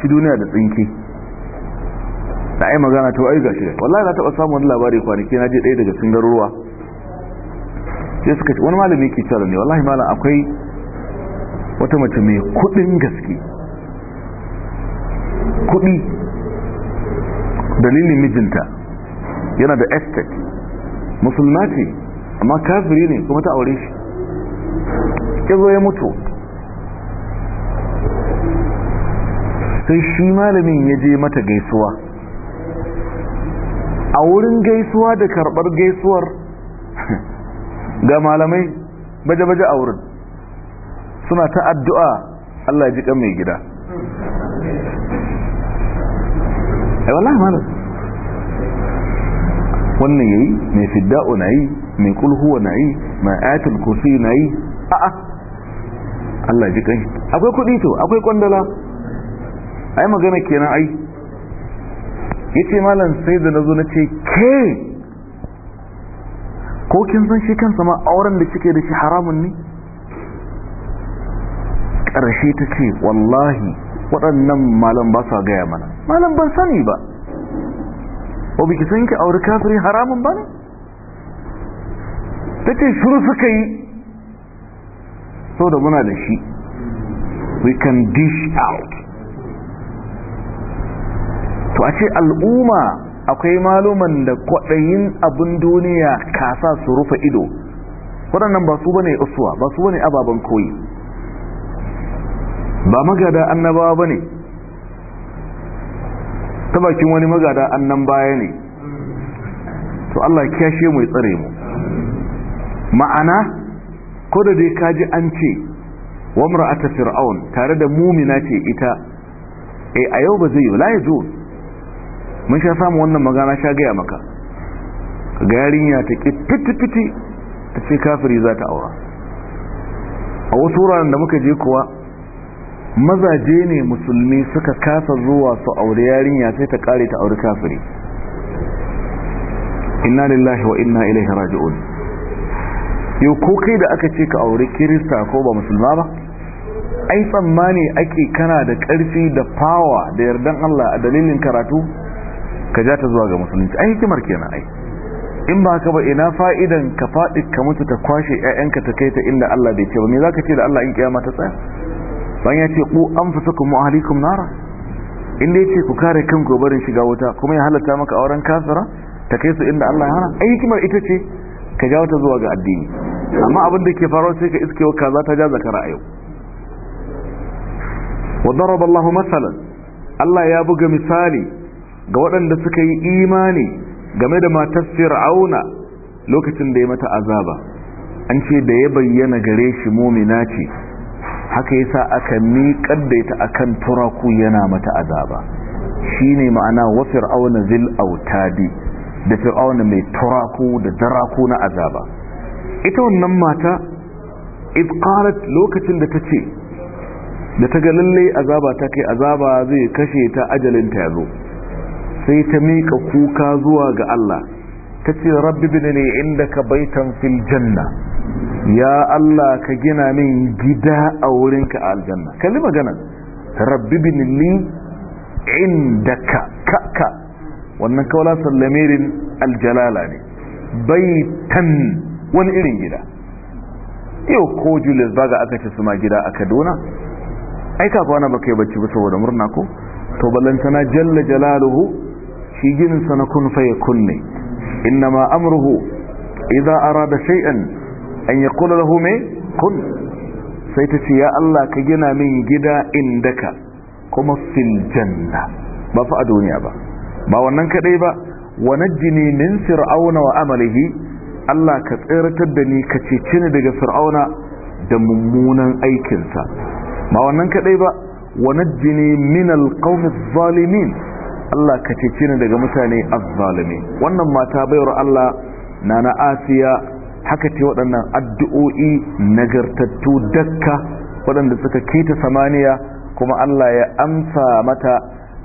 ci duniya da tsinki da ai magana ta ai gashi wallahi na taɓa samun wani labari kwanaki na je ɗaya daga cikin garuruwa sai suka ce wani malami ke cewa ne wallahi malam akwai wata mace mai kuɗin gaske kuɗi dalilin mijinta yana da estate musulma amma kafiri ne kuma ta aure shi kizo ya mutu sai shi malamin ya je mata gaisuwa a wurin gaisuwa da karbar gaisuwar ga malamai baje-baje a wurin suna ta addu'a Allah ji kan mai gida wannan yayi mai fidda'u na yi mai kulhuwa na yi mai ayatul kursi na yi a'a Allah ji kai akwai kudi to akwai kwandala ai magana kenan ai yace malam sai da nazo nace ke ko kin san shi kansa ma auren da kike da shi haramun ne karshe tace wallahi waɗannan malam ba su gaya mana malam ban sani ba ko biki sun ki auri kafiri haramun ba ne ta ce shuru suka yi so da muna da shi we can dish out to a ce al'umma akwai maluman da kwaɗayin abin duniya kasa su rufe ido waɗannan ba su bane usuwa ba su bane ababen koyi ba magada annabawa bane ta bakin wani magada annan baya ne to Allah ya kiyashe mu ya tsare mu ma'ana ko da dai kaji an ce wa mar'ata fir'aun tare da mumina ce ita eh a yau ba zai yi la yazo mun sha samu wannan magana sha gaya maka ga yarinya ta ki fiti ta ce kafiri za ta aura a wasu wuraren da muka je kuwa mazaje ne musulmi suka kasa zuwa su aure yarinya sai ta kare ta aure kafiri inna lillahi wa inna ilaihi raji'un yau ko kai da aka ce ka aure kirista ko ba musulma ba ai tsammani ake kana da ƙarfi da power da yardan Allah a dalilin karatu ka ja ta zuwa ga musulunci ai hikimar kenan ai in ba ka ba ina fa'idan ka faɗi ka mutu ta kwashe 'ya'yanka ta kai ta inda Allah bai ce ba me zaka ce da Allah in kiyama ta tsaya ban ya ce ku an fi saka mu'ahalikum nara inda ya ce ku kare kan gobarin shiga wuta kuma ya halatta maka auren kafira ta kai su inda Allah ya hana ai hikimar ita ce ka jawo ta zuwa ga addini amma abin da ke faruwa sai ka iske waka za ta ja zakara a yau wa daraba Allah masalan Allah ya buga misali ga waɗanda suka yi imani game da matar Fir'auna lokacin da ya mata azaba an ce da ya bayyana gare shi mumina ce haka yasa aka miƙar da ita akan turaku yana mata azaba shine ma'ana wa fir'auna zil autadi da fir'auna mai turaku da daraku na azaba ita wannan mata id qalat lokacin da tace da ta ga lalle azaba ta kai azaba zai kashe ta ajalin ta yazo sai ta miƙa kuka zuwa ga Allah tace rabbi bin ka indaka baitan fil janna ya Allah ka gina min gida a wurinka a aljanna kalli magana rabbi bin li ka, kaka wannan kawla sallamirin aljalala ne baitan wani irin gida yau ko julius baga aka ce su ma gida a kaduna ai ka kwana baka yi bacci ba saboda murna ko to ballantana jalla jalaluhu shi ginin na kun fa kunne inna inma amruhu idza arada shay'an an yi kula lahu kun sai ta ce ya Allah ka gina min gida inda ka kuma fil ba fa a duniya ba ba wannan kadai ba wani jini min fir'auna wa amalihi Allah ka tsiratar da ni ka cece ni daga fir'auna da mummunan aikinsa ba wannan kadai ba wani jini min zalimin Allah ka cece daga mutane azzalimi wannan mata bayar Allah na na Asiya haka ce waɗannan addu'o'i nagartattu dakka waɗanda suka keta samaniya kuma Allah ya amsa mata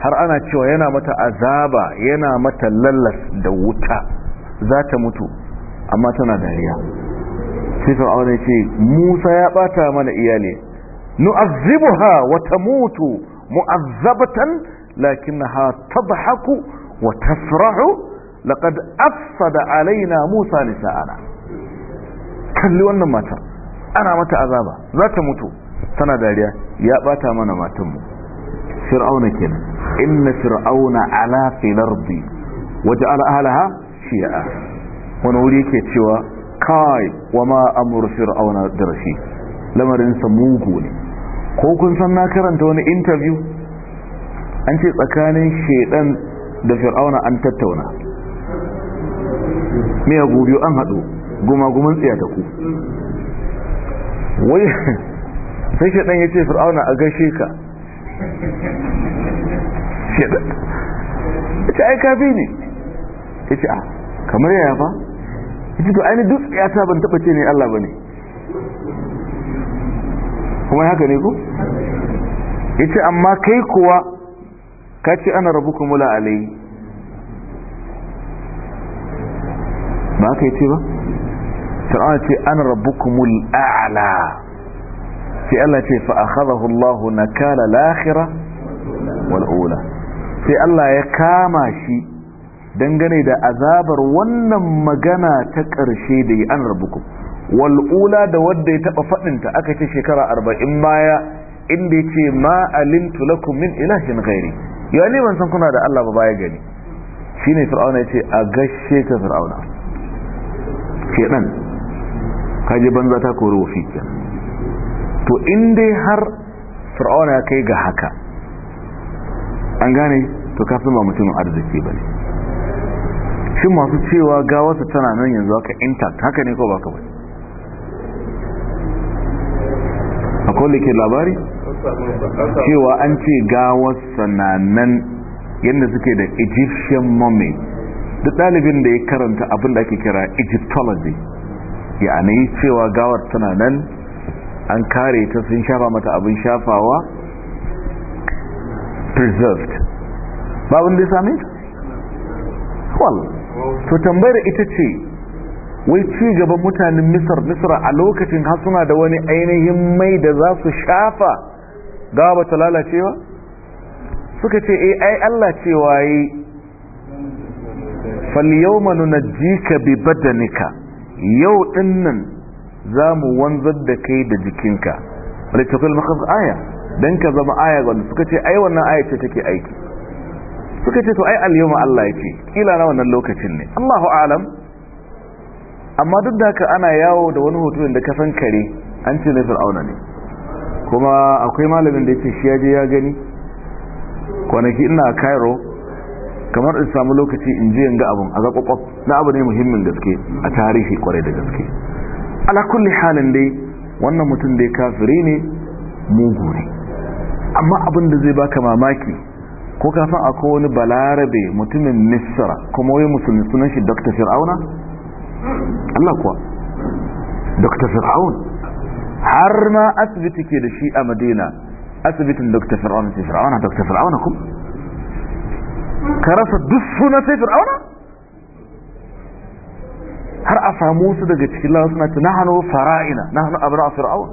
har ana cewa yana mata azaba yana mata lallas da wuta za ta mutu amma tana dariya sai fir'auna ce Musa ya bata mana iyali nu'azzibuha wa tamutu mu'azzabatan lakinnaha tadhaku wa tasrahu laqad afsada alaina Musa lisa'ana kalli wannan mata ana mata azaba za ta mutu tana dariya ya bata mana matanmu fir'auna kenan inna fir'auna ala fil ardi waja'ala ahlaha shi'a wani wuri yake cewa kai wa ma amru fir'auna da rashi lamarin sa mugu ne ko kun san na karanta wani interview an ce tsakanin shedan da fir'auna an tattauna me ya gobe an haɗu gumagumin ku. wai sai shaɗan ya ce fir'auna a gaishe ka shaɗan ce ai bi ne ya ce a ah, kamar yaya fa ya ce to aini duk ya ta ban taɓa ce ne allah ba ne kuma haka ne ku ya ce amma kai kuwa ka ce ana rabu kumula alayi ba ka yi ce ba fir'auna ce an rabbukumul a'la sai Allah ce fa akhadahu Allah nakala al-akhirah wal ula sai Allah ya kama shi dangane da azabar wannan magana ta ƙarshe da yi an rabbukum wal ula da wadda ya taba fadin ta aka ce shekara 40 baya inda yace ma alimtu lakum min ilahin ghairi yani ban san kuna da Allah ba baya gani shine fir'auna yace a gashe ka fir'auna kenan kaje banza ta kori wa to in dai har fir'auna kai ga haka an gane to kafin ba mutumin arziki ba ne shi masu cewa gawarsa tana nan yanzu haka intact haka ne ko baka bane akwai ke labari cewa an ce gawarsa na nan yadda suke da egyptian mummy duk ɗalibin da ya karanta abin da ake kira egyptology Yanayi cewa gawar tana nan an kare ta sun shafa mata abin shafawa preserved babin da sami wal to tambayar ita ce wai ci gaban mutanen misar misra a lokacin hasuna da wani ainihin mai da za su shafa gawa ba ta lalacewa suka ce e, ai Allah cewa yi na jika bi badanika yau dinnan za mu wanzar da kai da jikinka littafin makas aya don ka zama aya wanda suka ce ai wannan aya ce take aiki suka ce to ai alyawma Allah ya ce kila na wannan lokacin ne Allahu alam amma duk da haka ana yawo da wani hoto da ka san kare an ce na fir'auna ne kuma akwai malamin da ya ce shi ya je ya gani kwanaki ina Cairo kamar in samu lokaci in je in ga abun a ga kwakwaf na abu ne muhimmin gaske a tarihi kwarai da gaske ala kulli halin dai wannan mutum dai kafiri ne mugu ne amma abin da zai baka mamaki ko kafin akwai wani balarabe mutumin nisra kuma wai musulmi sunan shi dr fir'auna Allah kuwa dr fir'aun har ma asibiti ke da shi a madina asibitin dr fir'auna ce fir'auna dr fir'auna kuma ka rasa duk suna sai fir'auna har a samu su daga cikin lawa suna ce nahanu fara'ina nahanu abra fir'aun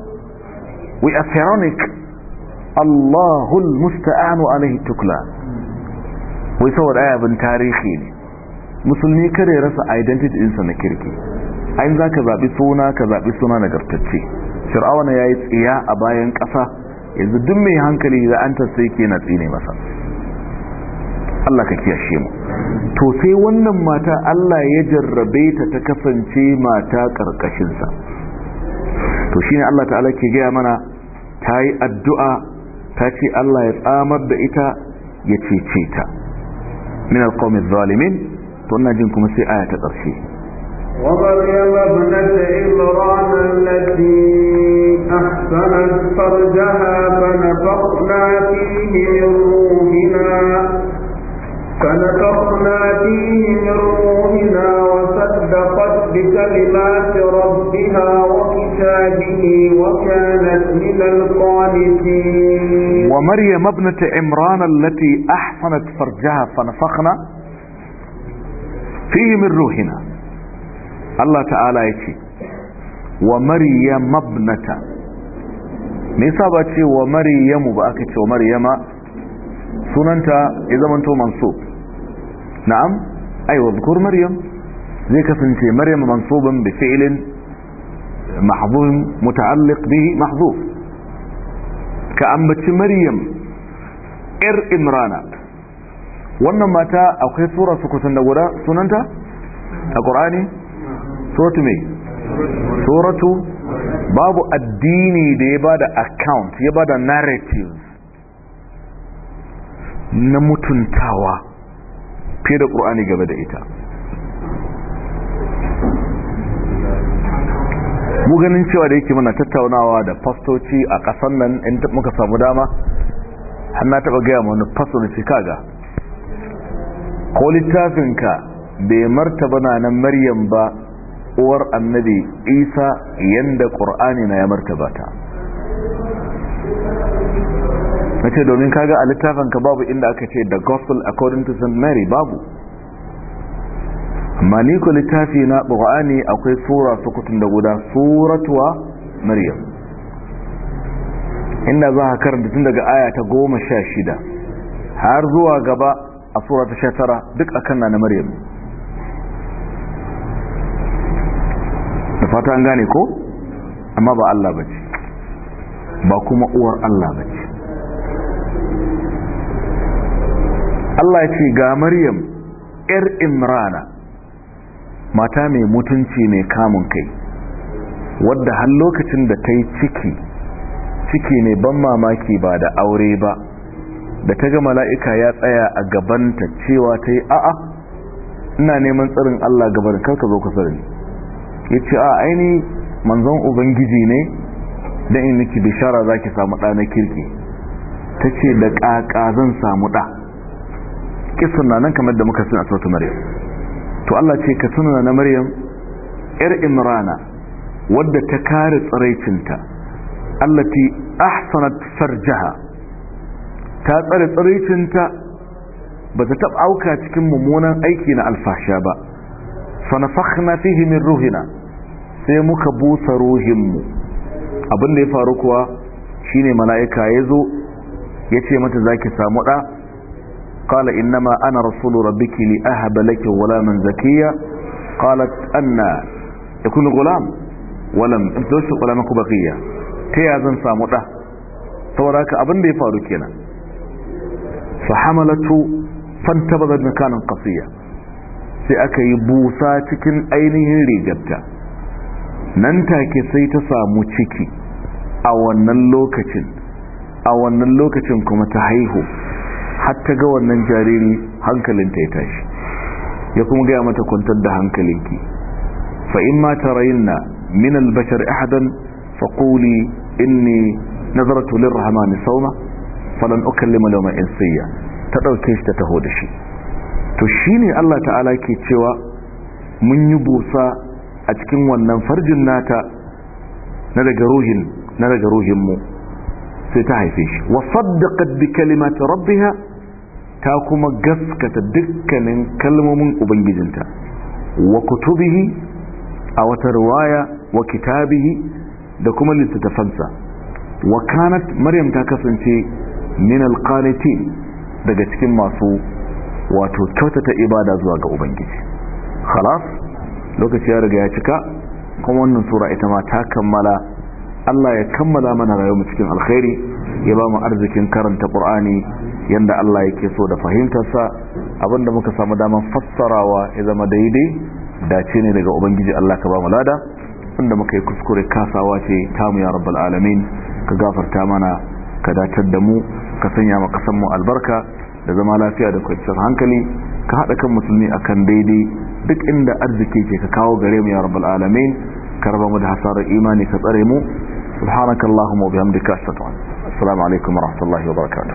we are pharaonic Allahul musta'anu alaihi tukla wai saboda aya bin tarihi ne musulmi ya rasa identity insa na kirki ayin za ka zaɓi suna ka zaɓi suna nagartacce fir'auna ya yi tsiya a bayan ƙasa yanzu duk mai hankali za an tasiri ke na tsine masa Allah ka kiyashe mu to sai wannan mata Allah ya jarrabe ta ta kasance mata karkashin sa to shine Allah ta'ala ke ga mana tayi addu'a ta ce Allah ya tsamar da ita ya cece ta min alqawmi zalimin to wannan jin kuma sai aya ta karshe ومريم ابنة إمران التي أحسنت فرجها فنفقنا فيه من روحنا فنفخنا فيه من روحنا وصدقت بكلمات ربها وكتابه وكانت من القانتين ومريم ابنة عمران التي أحصنت فرجها فنفخنا فيه من روحنا الله تعالى يتي ومريم ابنة نصابتي ومريم بأكت ومريم سننت إذا منتو منصوب na'am ai wadhkur maryam zai kasance maryam mansuban bi fi'lin mahdhuf muta'alliq bihi mahdhuf ka ambaci maryam ir imrana wannan mata akwai sura su kusan sunanta a suratu mai suratu babu addini da ya bada account ya bada narrative na mutuntawa fiye da ƙur'ani game da ita mu ganin cewa da yake mana tattaunawa da fastoci a ƙasan nan in muka samu dama har na taɓa gaya mana fasto da chicago ko littafinka bai martaba na nan maryam ba uwar annabi isa yadda ƙur'ani na ya martaba ta na ce domin kaga a littafin ka babu inda aka ce the gospel according to st mary babu amma ni littafi na ƙwa'ani akwai sura sukutun da guda suratuwa maryam inda za a karanta tun daga aya ta goma sha shida har zuwa gaba a sura ta sha tara duk akan na na maryam da fata an gane ko amma ba allah ba ba kuma uwar allah ba Allah ce ga Maryam ‘yar Imrana mata mai mutunci mai kamun kai wadda har lokacin da ta yi ciki ciki ne ban mamaki ba da aure ba da ta ga mala'ika ya tsaya a gabanta cewa ta yi a'a ina neman tsarin Allah gabar karka zo kusa da ni ya ce a aini manzon ubangiji ne don in niki bishara za ki samu ɗana kirki ta ce da ƙaƙa zan samu ɗa ƙisar na nan kamar da muka suna sautu maryam to Allah ce ka suna na maryam ‘yar imrana wadda ta kare tsiraicinta allati ahsanat farjaha ta tsare tsiraicinta ba ta taɓa auka cikin mummunan aiki na alfasha ba fanafakhna fihi min ruhina sai muka busa ruhinmu abin da ya faru kuwa shine mala'ika ya zo ya ce mata za ki samu ɗa ƙala innama ana rasulu rabbiki li ahaba laki gulaman zakiya qalat anna yakun gulam walam in tusu gulamaka baqiya ta ya zan samu ɗa saboda ka abin da ya faru kenan fa hamalatu fantabazat kanin qasiya sai aka yi busa cikin ainihin rigarta nan take sai ta samu ciki a wannan lokacin a wannan lokacin kuma ta haihu har ta ga wannan jariri hankalinta ya tashi ya kuma gaya mata kwantar da hankalinki fa'in mata tarayinna min albashar ahadan faƙuli inni nazartu lirrahmani sauma falan ukallima lawma insiya ta ɗauke shi ta taho da shi to shi ne Allah ta'ala ke cewa mun yi busa a cikin wannan farjin nata na daga ruhin mu sai ta haife shi wa saddaqat bi kalimati rabbiha ta kuma gaskata dukkanin kalmomin ubangijinta wa kutubihi a wata riwaya wa kitabihi da kuma littattafansa wa kanat maryam ta kasance min alqanitin daga cikin masu wato kyautata ibada zuwa ga ubangiji khalas lokaci ya riga ya cika kuma wannan sura ita ma ta kammala Allah ya kammala mana rayuwa cikin alkhairi ya ba mu arzikin karanta Qur'ani yanda Allah yake so da fahimtarsa abinda muka samu damar fassarawa ya zama daidai dace ne daga ubangiji Allah ka ba mu lada wanda muka yi kuskure kasawa ce mu ya rabbal alamin ka gafarta mana ka datar da mu ka sanya maka san mu albarka da zama lafiya da kwanciyar hankali ka hada kan musulmi akan daidai duk inda arziki ke ka kawo gare mu ya rabbal alamin كربا مد حصار إيماني كتريمو سبحانك اللهم وبحمدك أشهد أن السلام عليكم ورحمة الله وبركاته